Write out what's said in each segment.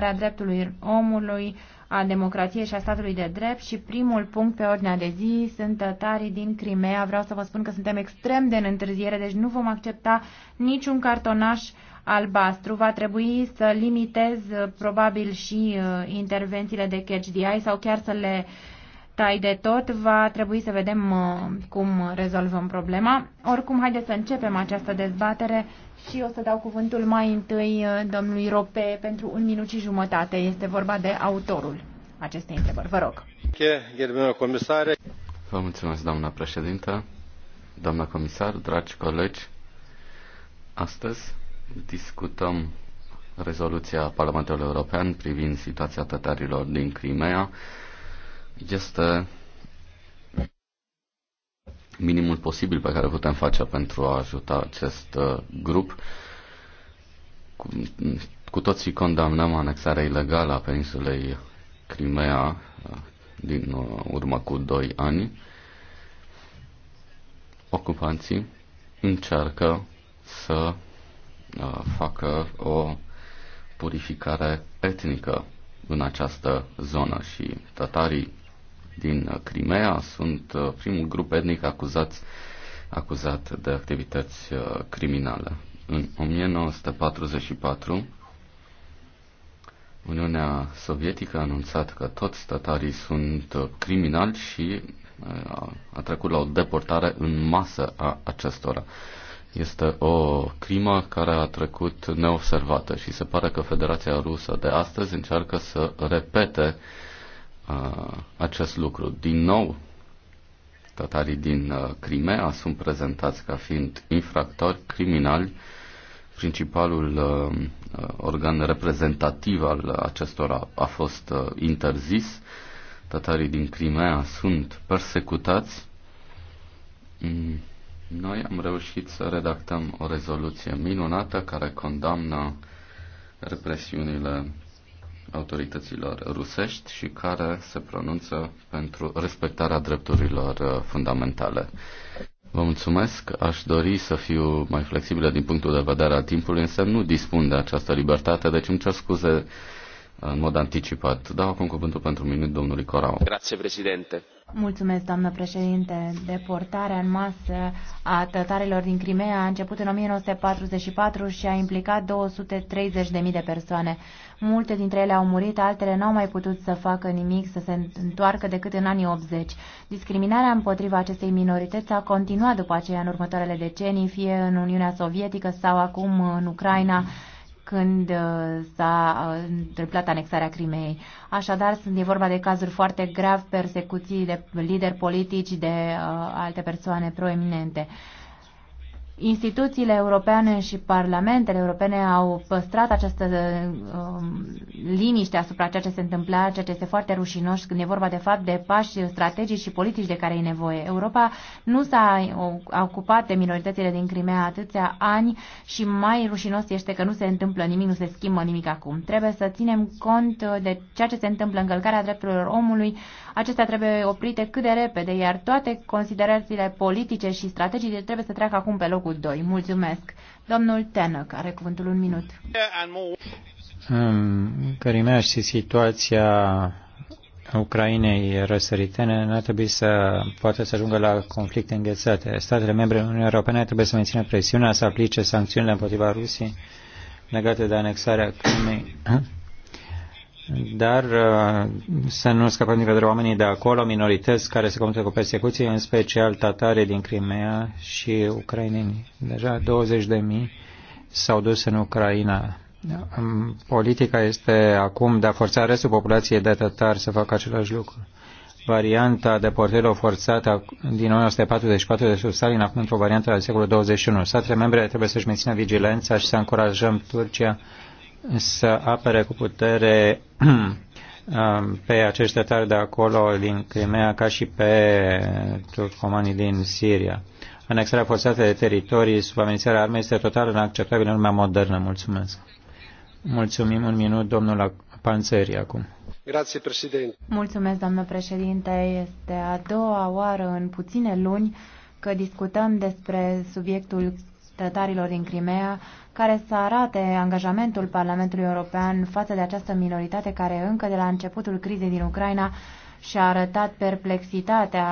care dreptului omului, a democrației și a statului de drept și primul punct pe ordinea de zi sunt tătarii din Crimea. Vreau să vă spun că suntem extrem de în întârziere, deci nu vom accepta niciun cartonaș albastru. Va trebui să limitez probabil și uh, intervențiile de catch the eye sau chiar să le uh, tai de tot, va trebui să vedem uh, cum rezolvăm problema. Oricum, haideți să începem această dezbatere și o să dau cuvântul mai întâi uh, domnului Rope pentru un minut și jumătate. Este vorba de autorul acestei întrebări. Vă rog. Vă mulțumesc, doamna președintă, doamna comisar, dragi colegi. Astăzi discutăm rezoluția Parlamentului European privind situația tătarilor din Crimea, este minimul posibil pe care putem face pentru a ajuta acest uh, grup. Cu, cu toții condamnăm anexarea ilegală a peninsulei Crimea uh, din uh, urmă cu doi ani. Ocupanții încearcă să facă o purificare etnică în această zonă și tătarii din uh, Crimea sunt uh, primul grup etnic acuzat, acuzat de activități uh, criminale. În 1944, Uniunea Sovietică a anunțat că toți tătarii sunt criminali și a trecut la o deportare în masă a acestora. Este o crimă care a trecut neobservată și se pare că Federația Rusă de astăzi încearcă să repete uh, uh, acest lucru. Din nou, tătarii din Crimea sunt prezentați ca fiind infractori criminali. Principalul organ reprezentativ al acestora a fost interzis. Tătarii din Crimea sunt persecutați. Mm. Noi am reușit să redactăm o rezoluție minunată care condamnă represiunile autorităților rusești și care se pronunță pentru respectarea drepturilor uh, fundamentale. Vă mulțumesc. Aș dori să fiu mai flexibilă din punctul de vedere al timpului, însă nu dispun de această libertate, deci îmi cer scuze uh, în mod anticipat. Dau acum cuvântul pentru minut domnului Corau. Grazie, președinte. Mulțumesc, doamnă președinte. Deportarea în masă a tătarilor din Crimea a început în 1944 și a implicat 230.000 de persoane. Multe dintre ele au murit, altele n-au mai putut să facă nimic, să se întoarcă decât în anii 80. Discriminarea împotriva acestei minorități a continuat după aceea în următoarele decenii, fie în Uniunea Sovietică sau acum în Ucraina când uh, s-a uh, întâmplat anexarea Crimeei. Așadar, e vorba de cazuri foarte grav, persecuții de lideri politici, de uh, alte persoane proeminente. Instituțiile europene și parlamentele europene au păstrat această um, liniște asupra ceea ce se întâmpla, ceea ce este foarte rușinos când e vorba de fapt de pași strategici și politici de care e nevoie. Europa nu s-a ocupat de minoritățile din Crimea atâția ani și mai rușinos este că nu se întâmplă nimic, nu se schimbă nimic acum. Trebuie să ținem cont de ceea ce se întâmplă, încălcarea drepturilor omului. Acestea trebuie oprite cât de repede, iar toate considerațiile politice și strategice trebuie să treacă acum pe loc Trialogul 2. Mulțumesc. Domnul Tenăc care cuvântul un minut. Cărimea și situația Ucrainei răsăritene nu ar trebui să poată să ajungă la conflicte înghețate. Statele membre în Uniunii Europene trebuie să mențină presiunea să aplice sancțiunile împotriva Rusiei legate de anexarea Crimei dar uh, să nu scăpăm din vedere oamenii de acolo, minorități care se confruntă cu persecuții, în special tatare din Crimea și ucraineni. Deja 20 de mii s-au dus în Ucraina. Politica este acum de a forța restul populației de tatari să facă același lucru. Varianta deportărilor forțată din 1944 de sub Stalin, acum într-o variantă al secolului 21. Statele membre trebuie să-și mențină vigilența și să încurajăm Turcia să apere cu putere um, pe acești tătari de acolo din Crimea ca și pe turcomanii din Siria. Anexarea forțată de teritorii sub amenințarea armei este total inacceptabilă în lumea modernă. Mulțumesc. Mulțumim un minut, domnul Panțeri, acum. Grazie, președinte. Mulțumesc, doamnă președinte. Este a doua oară în puține luni că discutăm despre subiectul tătarilor din Crimea, care să arate angajamentul Parlamentului European față de această minoritate care încă de la începutul crizei din Ucraina și-a arătat perplexitatea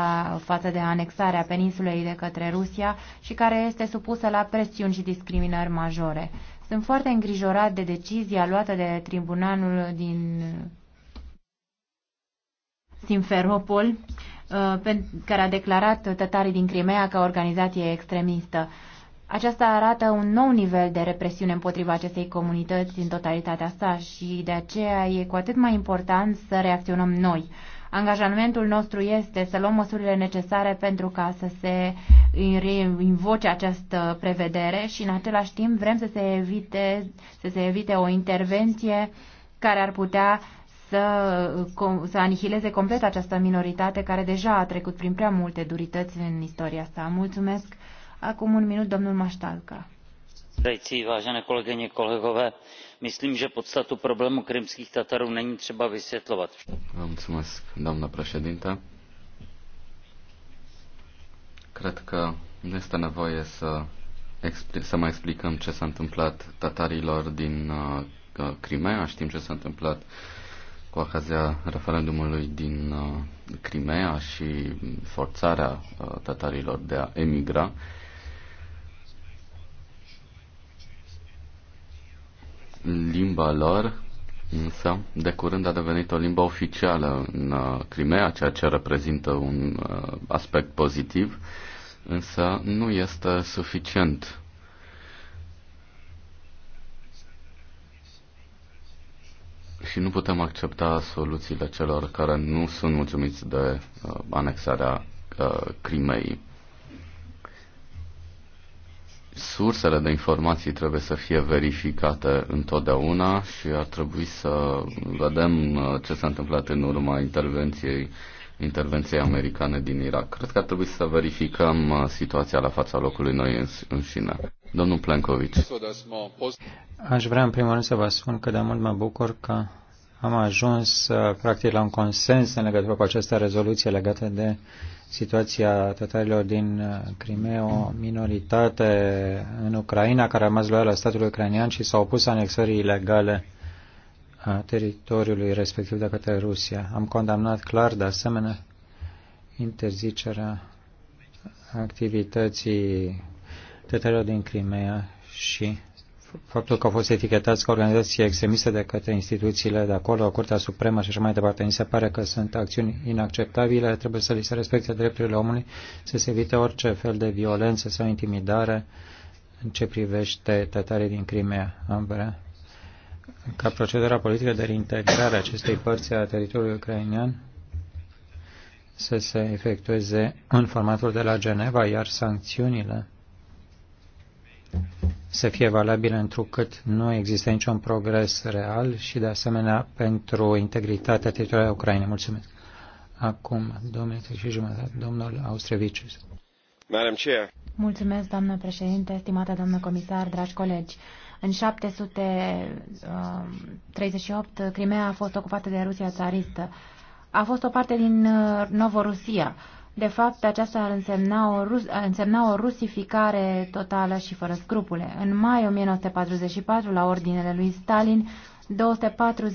față de anexarea peninsulei de către Rusia și care este supusă la presiuni și discriminări majore. Sunt foarte îngrijorat de decizia luată de tribunalul din Simferopol, uh, care a declarat tătarii din Crimea ca organizație extremistă. Aceasta arată un nou nivel de represiune împotriva acestei comunități în totalitatea sa și de aceea e cu atât mai important să reacționăm noi. Angajamentul nostru este să luăm măsurile necesare pentru ca să se invoce această prevedere și în același timp vrem să se evite, să se evite o intervenție care ar putea să, să anihileze complet această minoritate care deja a trecut prin prea multe durități în istoria sa. Mulțumesc! Acum un minut, domnul Maștalca. Předsedající, vážené kolegyně, kolegové, myslím, že podstatu problému krymských Tatarů není třeba vysvětlovat. Vă mulțumesc, doamna președinte. Cred că nu este nevoie să, să mai explicăm ce s-a întâmplat tatarilor din uh, uh, Crimea, știm ce s-a întâmplat cu ocazia referendumului din uh, Crimea și forțarea uh, tatarilor de a emigra. Uh, Limba lor, însă, de curând a devenit o limbă oficială în uh, Crimea, ceea ce reprezintă un uh, aspect pozitiv, însă nu este suficient. Și nu putem accepta soluțiile celor care nu sunt mulțumiți de uh, anexarea uh, Crimei. Sursele de informații trebuie să fie verificate întotdeauna și ar trebui să vedem uh, ce s-a întâmplat în urma intervenției intervenției americane din Irak. Cred că ar trebui să verificăm uh, situația la fața locului noi sine. Domnul Plenković. Aș vrea în primul rând să vă spun că de mult mă bucur că am ajuns uh, practic la un consens în legătură cu această rezoluție legată de situația tătarilor din uh, Crimea, o minoritate în Ucraina care a rămas loială statului ucrainean și s-a opus anexării ilegale a teritoriului respectiv de către Rusia. Am condamnat clar, de asemenea, interzicerea activității tătarilor din Crimea și faptul că au fost etichetați ca organizație extremistă de către instituțiile de acolo, Curtea Supremă și așa mai departe. Mi se pare că sunt acțiuni inacceptabile, trebuie să li se respecte drepturile omului, să se evite orice fel de violență sau intimidare în ce privește tătarii din Crimea. Am vrea ca procedura politică de reintegrare a acestei părți a teritoriului ucrainean să se efectueze în formatul de la Geneva, iar sancțiunile să fie valabilă, întrucât nu există niciun progres real și de asemenea pentru integritatea teritorială a Ucrainei. Mulțumesc. Acum, domnule și jumătate, domnul Austrevicius. Madam Chair. Mulțumesc, doamnă președinte, stimată doamnă comisar, dragi colegi. În 738, um, Crimea a fost ocupată de Rusia țaristă. A fost o parte din uh, Novorusia. Rusia de fapt, aceasta ar însemna o, rus, ar însemna o rusificare totală și fără scrupule. În mai 1944, la ordinele lui Stalin,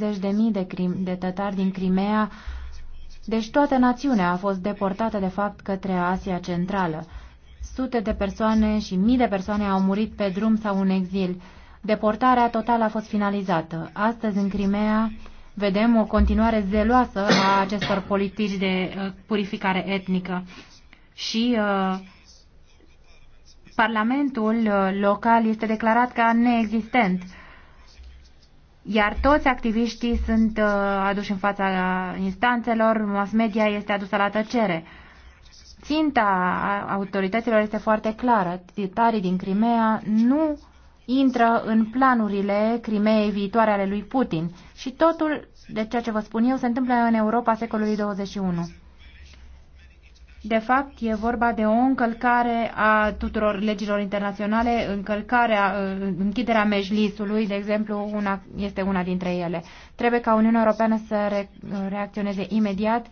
240.000 de, de tătari din Crimea, deci toată națiunea a fost deportată de fapt către Asia Centrală. Sute de persoane și mii de persoane au murit pe drum sau în exil. Deportarea totală a fost finalizată. Astăzi, în Crimea, vedem o continuare zeloasă a acestor politici de uh, purificare etnică. Și uh, Parlamentul uh, local este declarat ca neexistent, iar toți activiștii sunt aduși în fața instanțelor, mass media este adusă la tăcere. Ținta autorităților este foarte clară. Titarii din Crimea nu intră în planurile Crimeei viitoare ale lui Putin. Și totul, de ceea ce vă spun eu, se întâmplă în Europa secolului 21. De fapt, e vorba de o încălcare a tuturor legilor internaționale, încălcarea, uh, închiderea mejlisului, de exemplu, una, este una dintre ele. Trebuie ca Uniunea Europeană să re, reacționeze imediat uh,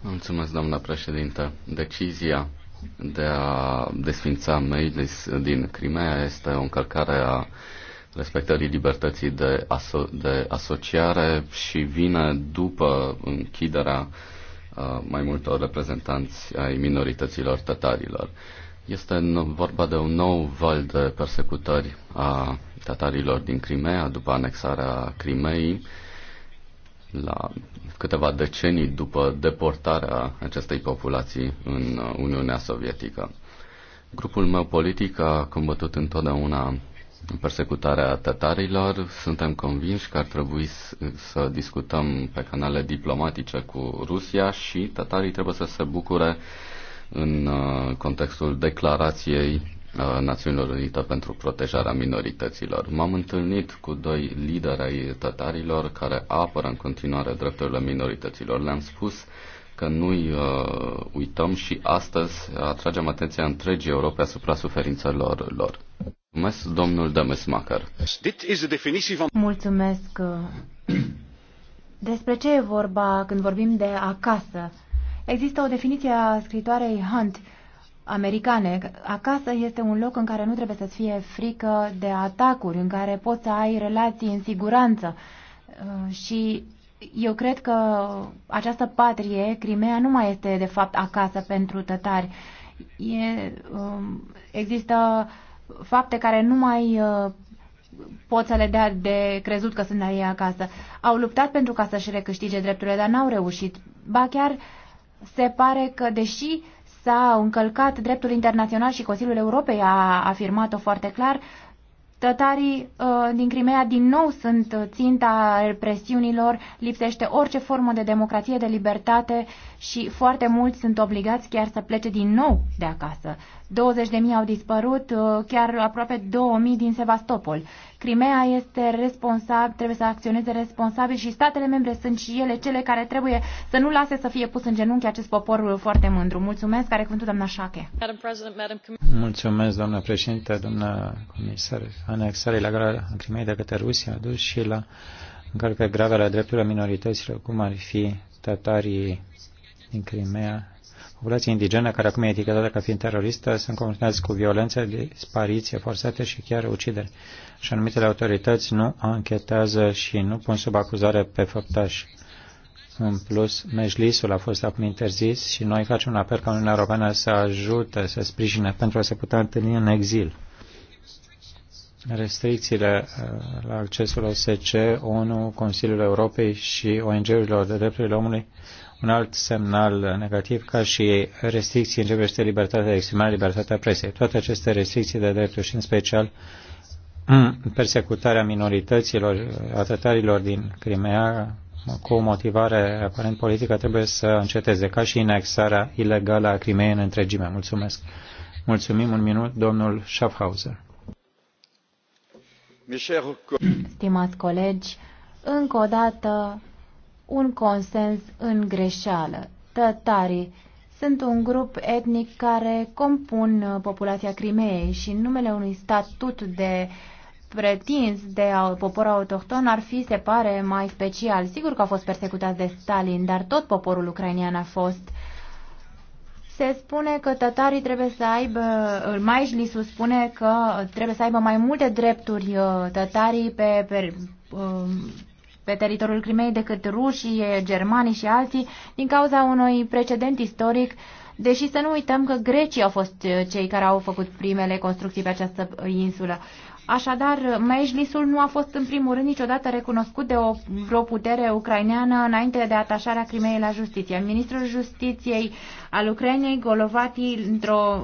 Mulțumesc, doamna președintă. Decizia de a desfința Meilis din Crimea este o încălcare a respectării libertății de, aso- de asociare și vine după închiderea uh, mai multor reprezentanți ai minorităților tătarilor. Este vorba de un nou val de persecutări a tatarilor din Crimea după anexarea Crimeei la câteva decenii după deportarea acestei populații în Uniunea Sovietică. Grupul meu politic a combătut întotdeauna persecutarea tătarilor. Suntem convinși că ar trebui să discutăm pe canale diplomatice cu Rusia și tătarii trebuie să se bucure în uh, contextul declarației Uh, Națiunilor Unite pentru protejarea minorităților. M-am întâlnit cu doi lideri ai tătarilor care apără în continuare drepturile minorităților. Le-am spus că nu-i uh, uităm și astăzi atragem atenția întregii Europe asupra suferințelor lor. Mulțumesc, domnul Demesmacher. Mulțumesc. Despre ce e vorba când vorbim de acasă? Există o definiție a scritoarei Hunt americane. Acasă este un loc în care nu trebuie să-ți fie frică de atacuri, în care poți să ai relații în siguranță. Uh, și eu cred că această patrie, Crimea, nu mai este de fapt acasă pentru tătari. E, um, există fapte care nu mai uh, pot să le dea de crezut că sunt la ei acasă. Au luptat pentru ca să-și recâștige drepturile, dar n-au reușit. Ba chiar se pare că, deși uh, s-au încălcat dreptul internațional și Consiliul Europei a afirmat-o foarte clar, Tătarii uh, din Crimea din nou sunt ținta represiunilor, lipsește orice formă de democrație, de libertate și foarte mulți sunt obligați chiar să plece din nou de acasă. 20.000 au dispărut, uh, chiar aproape 2.000 din Sevastopol. Crimea este responsabil, trebuie să acționeze responsabil și statele membre sunt și ele cele care trebuie să nu lase să fie pus în genunchi acest popor foarte mândru. Mulțumesc, care cuvântul doamna Șache. Mulțumesc, doamna președinte, doamna comisar. Anexarea ilegală a Crimeei de către Rusia a dus și la încălcări grave la drepturile minorităților, cum ar fi tatarii din Crimea Populația indigenă, care acum e etichetată ca fiind teroristă, sunt confruntați cu violență, dispariție forțate și chiar ucideri. Și anumitele autorități nu anchetează și nu pun sub acuzare pe făptași. În plus, mejlisul a fost acum interzis și noi facem un apel ca Uniunea Europeană să ajute, să sprijine pentru a se putea întâlni în exil. Restricțiile uh, la accesul OSCE, ONU, Consiliul Europei și ONG-urilor de drepturile omului un alt semnal negativ ca și restricții în ce privește libertatea de exprimare, libertatea presei. Toate aceste restricții de drepturi și în special mm, persecutarea minorităților, a tătarilor din Crimea, cu o motivare aparent politică, trebuie să înceteze, ca și inexarea ilegală a Crimeei în întregime. Mulțumesc. Mulțumim un minut, domnul Schaffhauser. Stimați colegi, încă o dată un consens în greșeală. Tătarii sunt un grup etnic care compun uh, populația Crimeei și în numele unui statut de pretins de popor autohton ar fi, se pare, mai special. Sigur că au fost persecutați de Stalin, dar tot poporul ucrainian a fost. Se spune că tătarii trebuie să aibă, mai li se spune că trebuie să aibă mai multe drepturi uh, tătarii pe, pe uh, pe teritoriul Crimei decât rușii, germanii și alții, din cauza unui precedent istoric, deși să nu uităm că grecii au fost eh, cei care au făcut primele construcții pe această insulă. Așadar, Mejlisul nu a fost în primul rând niciodată recunoscut de o, vreo putere ucraineană înainte de atașarea Crimeei la justiție. Ministrul Justiției al Ucrainei, Golovati, într o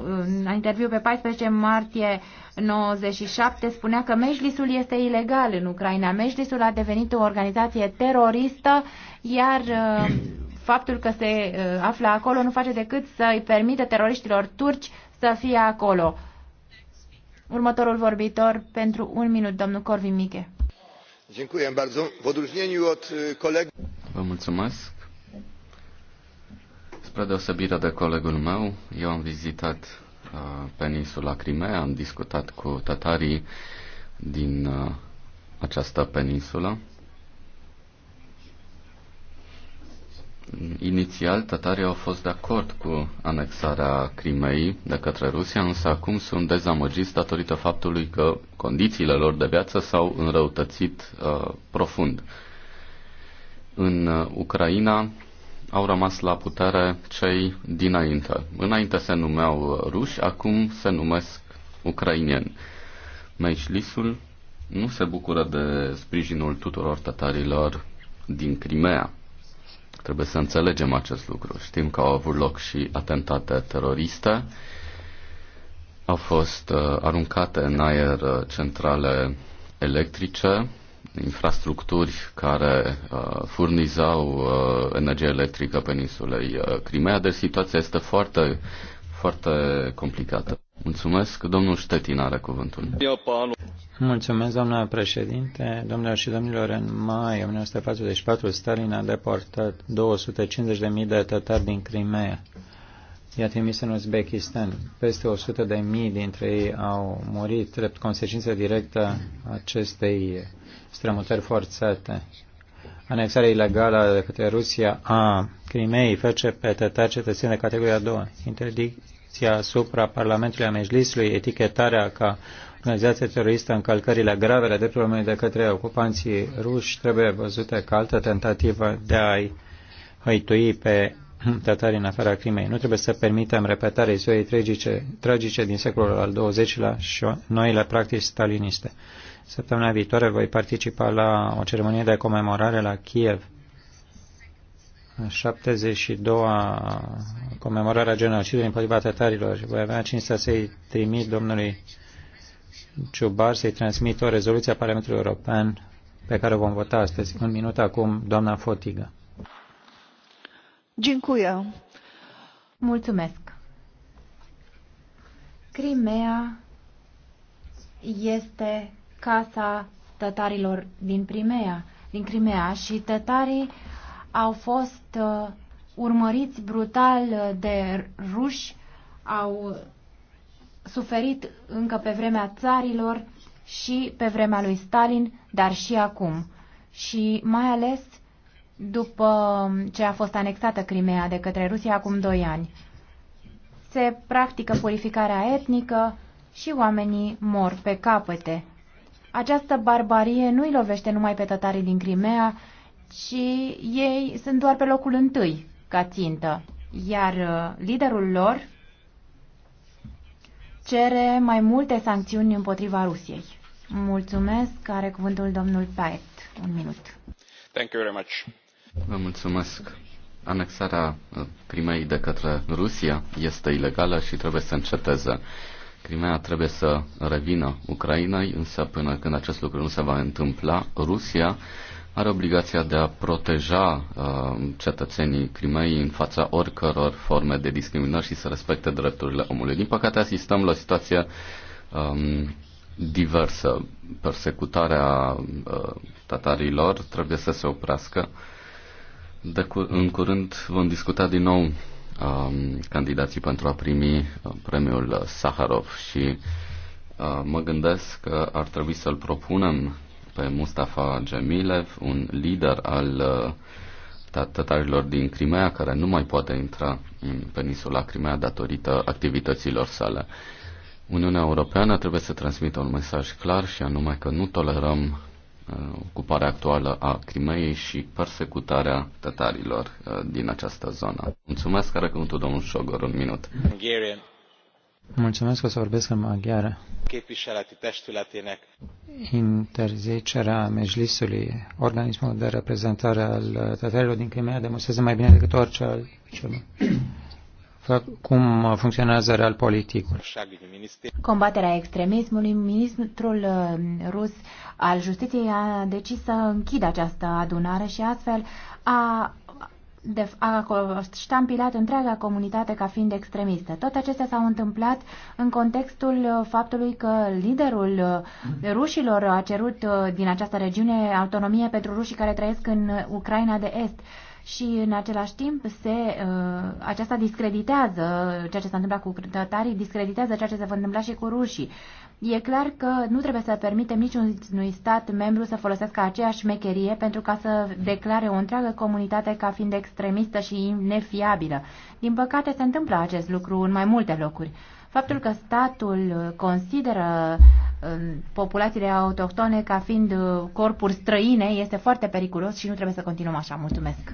interviu pe 14 martie 97, spunea că Mejlisul este ilegal în Ucraina. Mejlisul a devenit o organizație teroristă, iar uh, faptul că se uh, află acolo nu face decât să îi permită teroriștilor turci să fie acolo. Următorul vorbitor pentru un minut, domnul Corvin Miche. Vă mulțumesc. Spre deosebire de colegul meu, eu am vizitat uh, peninsula Crimea, am discutat cu tatarii din uh, această peninsulă Inițial, tatarii au fost de acord cu anexarea Crimei de către Rusia, însă acum sunt dezamăgiți datorită faptului că condițiile lor de viață s-au înrăutățit uh, profund. În uh, Ucraina au rămas la putere cei dinainte. Înainte se numeau uh, ruși, acum se numesc ucrainieni. Meșlisul nu se bucură de sprijinul tuturor tatarilor din Crimea. Trebuie să înțelegem acest lucru. Știm că au avut loc și atentate teroriste, au fost uh, aruncate în aer uh, centrale electrice, infrastructuri care uh, furnizau uh, energie electrică peninsulei uh, Crimea, deci situația este foarte, foarte complicată. Mulțumesc. Domnul Ștetin are cuvântul. Mulțumesc, doamna președinte. Domnilor și domnilor, în mai 1944, Stalin a deportat 250.000 de tătari din Crimea. I-a trimis în Uzbekistan. Peste 100.000 dintre ei au murit drept consecință directă acestei strămutări forțate. Anexarea ilegală de către Rusia a Crimeei face pe tătari cetățeni de categoria a doua. Interdic restricția asupra Parlamentului Amejlisului, etichetarea ca organizație teroristă, încălcările grave ale drepturilor omului de către ocupanții ruși trebuie văzute ca altă tentativă de a-i hăitui pe tătarii în afara crimei. Nu trebuie să permitem repetarea istoriei tragice, tragice din secolul al XX-lea și noile practici staliniste. Săptămâna viitoare voi participa la o ceremonie de comemorare la Kiev 72-a comemorarea genocidului împotriva tătarilor. Voi avea cinstea să-i trimit domnului Ciubar să-i transmit o rezoluție a Parlamentului European pe care o vom vota astăzi. Un minut acum, doamna Fotiga. Dziękuję. Mulțumesc. Crimea este casa tătarilor din Crimea, din Crimea și tătarii au fost uh, urmăriți brutal de ruși, au suferit încă pe vremea țarilor și pe vremea lui Stalin, dar și acum. Și mai ales după ce a fost anexată Crimea de către Rusia acum doi ani. Se practică purificarea etnică și oamenii mor pe capete. Această barbarie nu-i lovește numai pe tătarii din Crimea, și ei sunt doar pe locul întâi ca țintă, iar uh, liderul lor cere mai multe sancțiuni împotriva Rusiei. Mulțumesc, are cuvântul domnul Paet. Un minut. Thank you very much. Vă mulțumesc. Anexarea uh, Crimeei de către Rusia este ilegală și trebuie să înceteze. Crimea trebuie să revină Ucrainei, însă până când acest lucru nu se va întâmpla, Rusia are obligația de a proteja uh, cetățenii Crimei în fața oricăror forme de discriminări și să respecte drepturile omului. Din păcate asistăm la o situație um, diversă. Persecutarea uh, tatarilor trebuie să se oprească. De cu- în curând vom discuta din nou um, candidații pentru a primi uh, premiul Saharov și uh, mă gândesc că ar trebui să-l propunem pe Mustafa Jamilev, un lider al uh, tătarilor din Crimea, care nu mai poate intra în peninsula Crimea datorită activităților sale. Uniunea Europeană trebuie să transmită un mesaj clar și anume că nu tolerăm uh, ocuparea actuală a Crimeei și persecutarea tătarilor uh, din această zonă. Mulțumesc, care cuvântul domnul Șogor, un minut. Mulțumesc că o să vorbesc în maghiară interzicerea Mejlisului, organismul de reprezentare al tătărilor din Crimea, demonstrează mai bine decât orice altceva cum funcționează real politicul. Combaterea extremismului, ministrul uh, rus al justiției a decis să închidă această adunare și astfel a de a ștampilat întreaga comunitate ca fiind extremistă. Tot acestea s-au întâmplat în contextul uh, faptului că liderul uh, rușilor a cerut uh, din această regiune autonomie pentru rușii care trăiesc în Ucraina de Est și în același timp se, uh, aceasta discreditează ceea ce s-a întâmplat cu tătarii, discreditează ceea ce se va întâmpla și cu rușii. E clar că nu trebuie să permitem niciunui stat membru să folosească aceeași mecherie pentru ca să declare o întreagă comunitate ca fiind extremistă și nefiabilă. Din păcate se întâmplă acest lucru în mai multe locuri. Faptul că statul consideră um, populațiile autohtone ca fiind uh, corpuri străine este foarte periculos și nu trebuie să continuăm așa. Mulțumesc!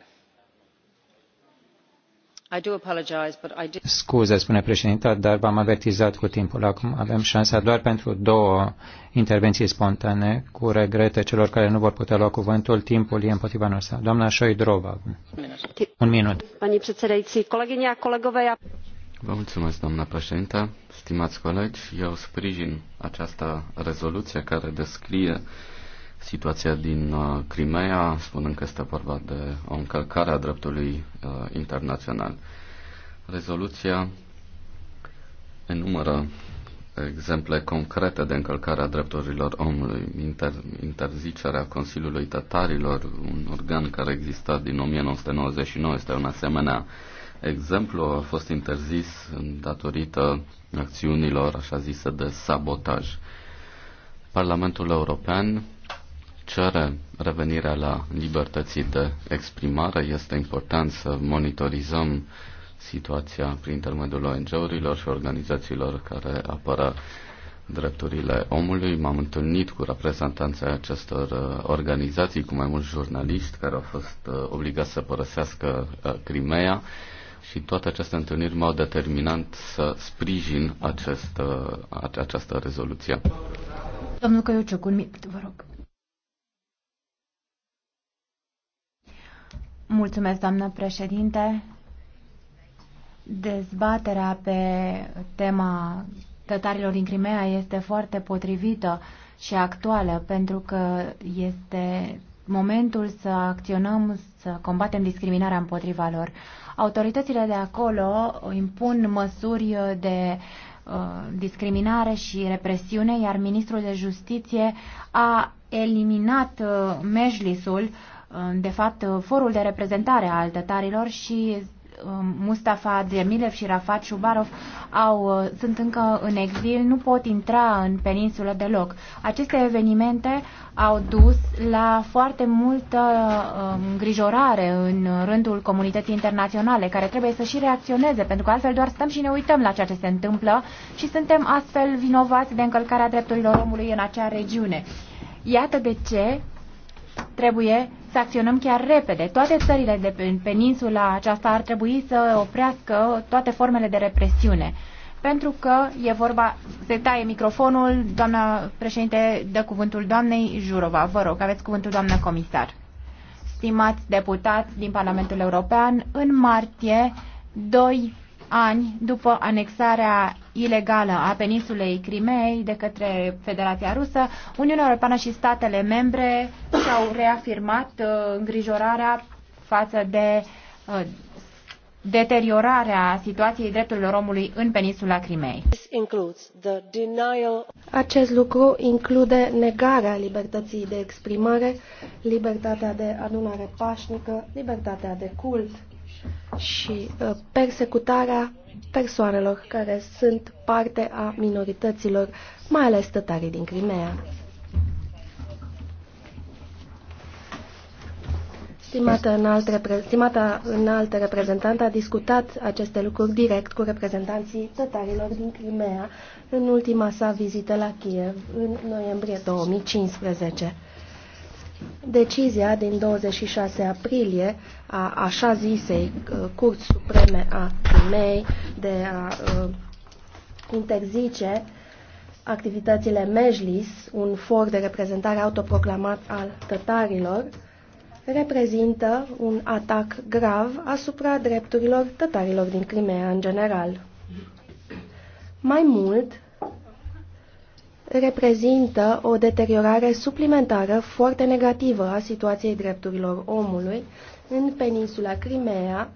Scuze, spune președinta, dar v-am avertizat cu timpul. Acum avem șansa doar pentru două intervenții spontane, cu regrete celor care nu vor putea lua cuvântul. Timpul e împotriva noastră. Doamna Șoidrova, un minut. Vă mulțumesc, doamna președintă. Stimați colegi, eu sprijin această rezoluție care descrie uh, situația din uh, Crimea, spunând că este vorba de o încălcare a dreptului uh, internațional. Rezoluția enumără exemple concrete de încălcare a drepturilor omului, inter, interzicerea Consiliului Tătarilor, un organ care exista din 1999, este un asemenea exemplu, a fost interzis datorită acțiunilor așa zise de sabotaj. Parlamentul European cere revenirea la libertății de exprimare. Este important să monitorizăm situația prin intermediul ONG-urilor și organizațiilor care apără drepturile omului. M-am întâlnit cu reprezentanța acestor uh, organizații, cu mai mulți jurnaliști care au fost uh, obligați să părăsească uh, Crimea și toate aceste întâlniri m-au determinat să sprijin această această rezoluție. Domnul Căiuciuc, un minut, vă rog. Mulțumesc, doamnă președinte. Dezbaterea pe tema tătarilor din Crimea este foarte potrivită și actuală pentru că este momentul să acționăm, să combatem discriminarea împotriva lor. Autoritățile de acolo impun măsuri de uh, discriminare și represiune, iar ministrul de justiție a eliminat uh, mejlisul de fapt, forul de reprezentare al tătarilor și um, Mustafa Demilev și Rafat Shubarov au, uh, sunt încă în exil, nu pot intra în peninsulă deloc. Aceste evenimente au dus la foarte multă um, îngrijorare în rândul comunității internaționale, care trebuie să și reacționeze, pentru că altfel doar stăm și ne uităm la ceea ce se întâmplă și suntem astfel vinovați de încălcarea drepturilor omului în acea regiune. Iată de ce Trebuie să acționăm chiar repede. Toate țările de pe peninsula aceasta ar trebui să oprească toate formele de represiune. Pentru că e vorba, se taie microfonul, doamna președinte dă cuvântul doamnei Jurova. Vă rog, aveți cuvântul doamna comisar. Stimați deputați din Parlamentul European, în martie, doi ani după anexarea ilegală a peninsulei Crimei de către Federația Rusă, Uniunea Europeană și statele membre și-au reafirmat uh, îngrijorarea față de uh, deteriorarea situației drepturilor omului în peninsula Crimei. Acest lucru include negarea libertății de exprimare, libertatea de adunare pașnică, libertatea de cult și uh, persecutarea persoanelor care sunt parte a minorităților, mai ales tătarii din Crimea. alte înalt, stimata alte reprezentant a discutat aceste lucruri direct cu reprezentanții tătarilor din Crimea în ultima sa vizită la Kiev în noiembrie 2015. Decizia din 26 aprilie a așa zisei curți supreme a femei de a interzice ă, activitățile Mejlis, un for de reprezentare autoproclamat al tătarilor, reprezintă un atac grav asupra drepturilor tătarilor din Crimea în general. Mai mult, reprezintă o deteriorare suplimentară foarte negativă a situației drepturilor omului în peninsula Crimea,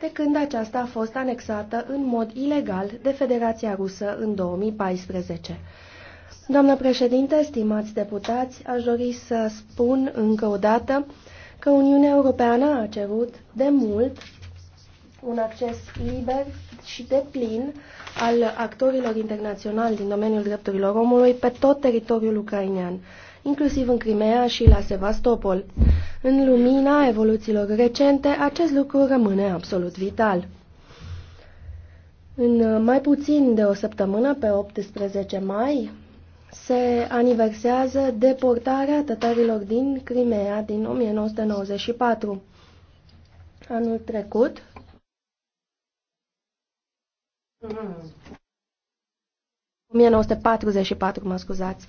de când aceasta a fost anexată în mod ilegal de Federația Rusă în 2014. Doamnă președinte, stimați deputați, aș dori să spun încă o dată că Uniunea Europeană a cerut de mult un acces liber și deplin al actorilor internaționali din domeniul drepturilor omului pe tot teritoriul ucrainean, inclusiv în Crimea și la Sevastopol. În lumina evoluțiilor recente, acest lucru rămâne absolut vital. În mai puțin de o săptămână, pe 18 mai, se aniversează deportarea tătarilor din Crimea din 1994. Anul trecut, mm. 1944, mă scuzați,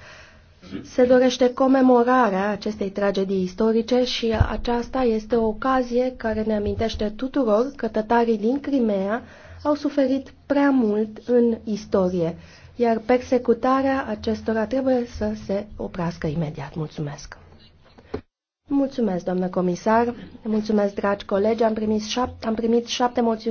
se dorește comemorarea acestei tragedii istorice și aceasta este o ocazie care ne amintește tuturor că tătarii din Crimea au suferit prea mult în istorie, iar persecutarea acestora trebuie să se oprească imediat. Mulțumesc! Mulțumesc, doamnă comisar, mulțumesc, dragi colegi, am primit șapte, am primit șapte moțiuni.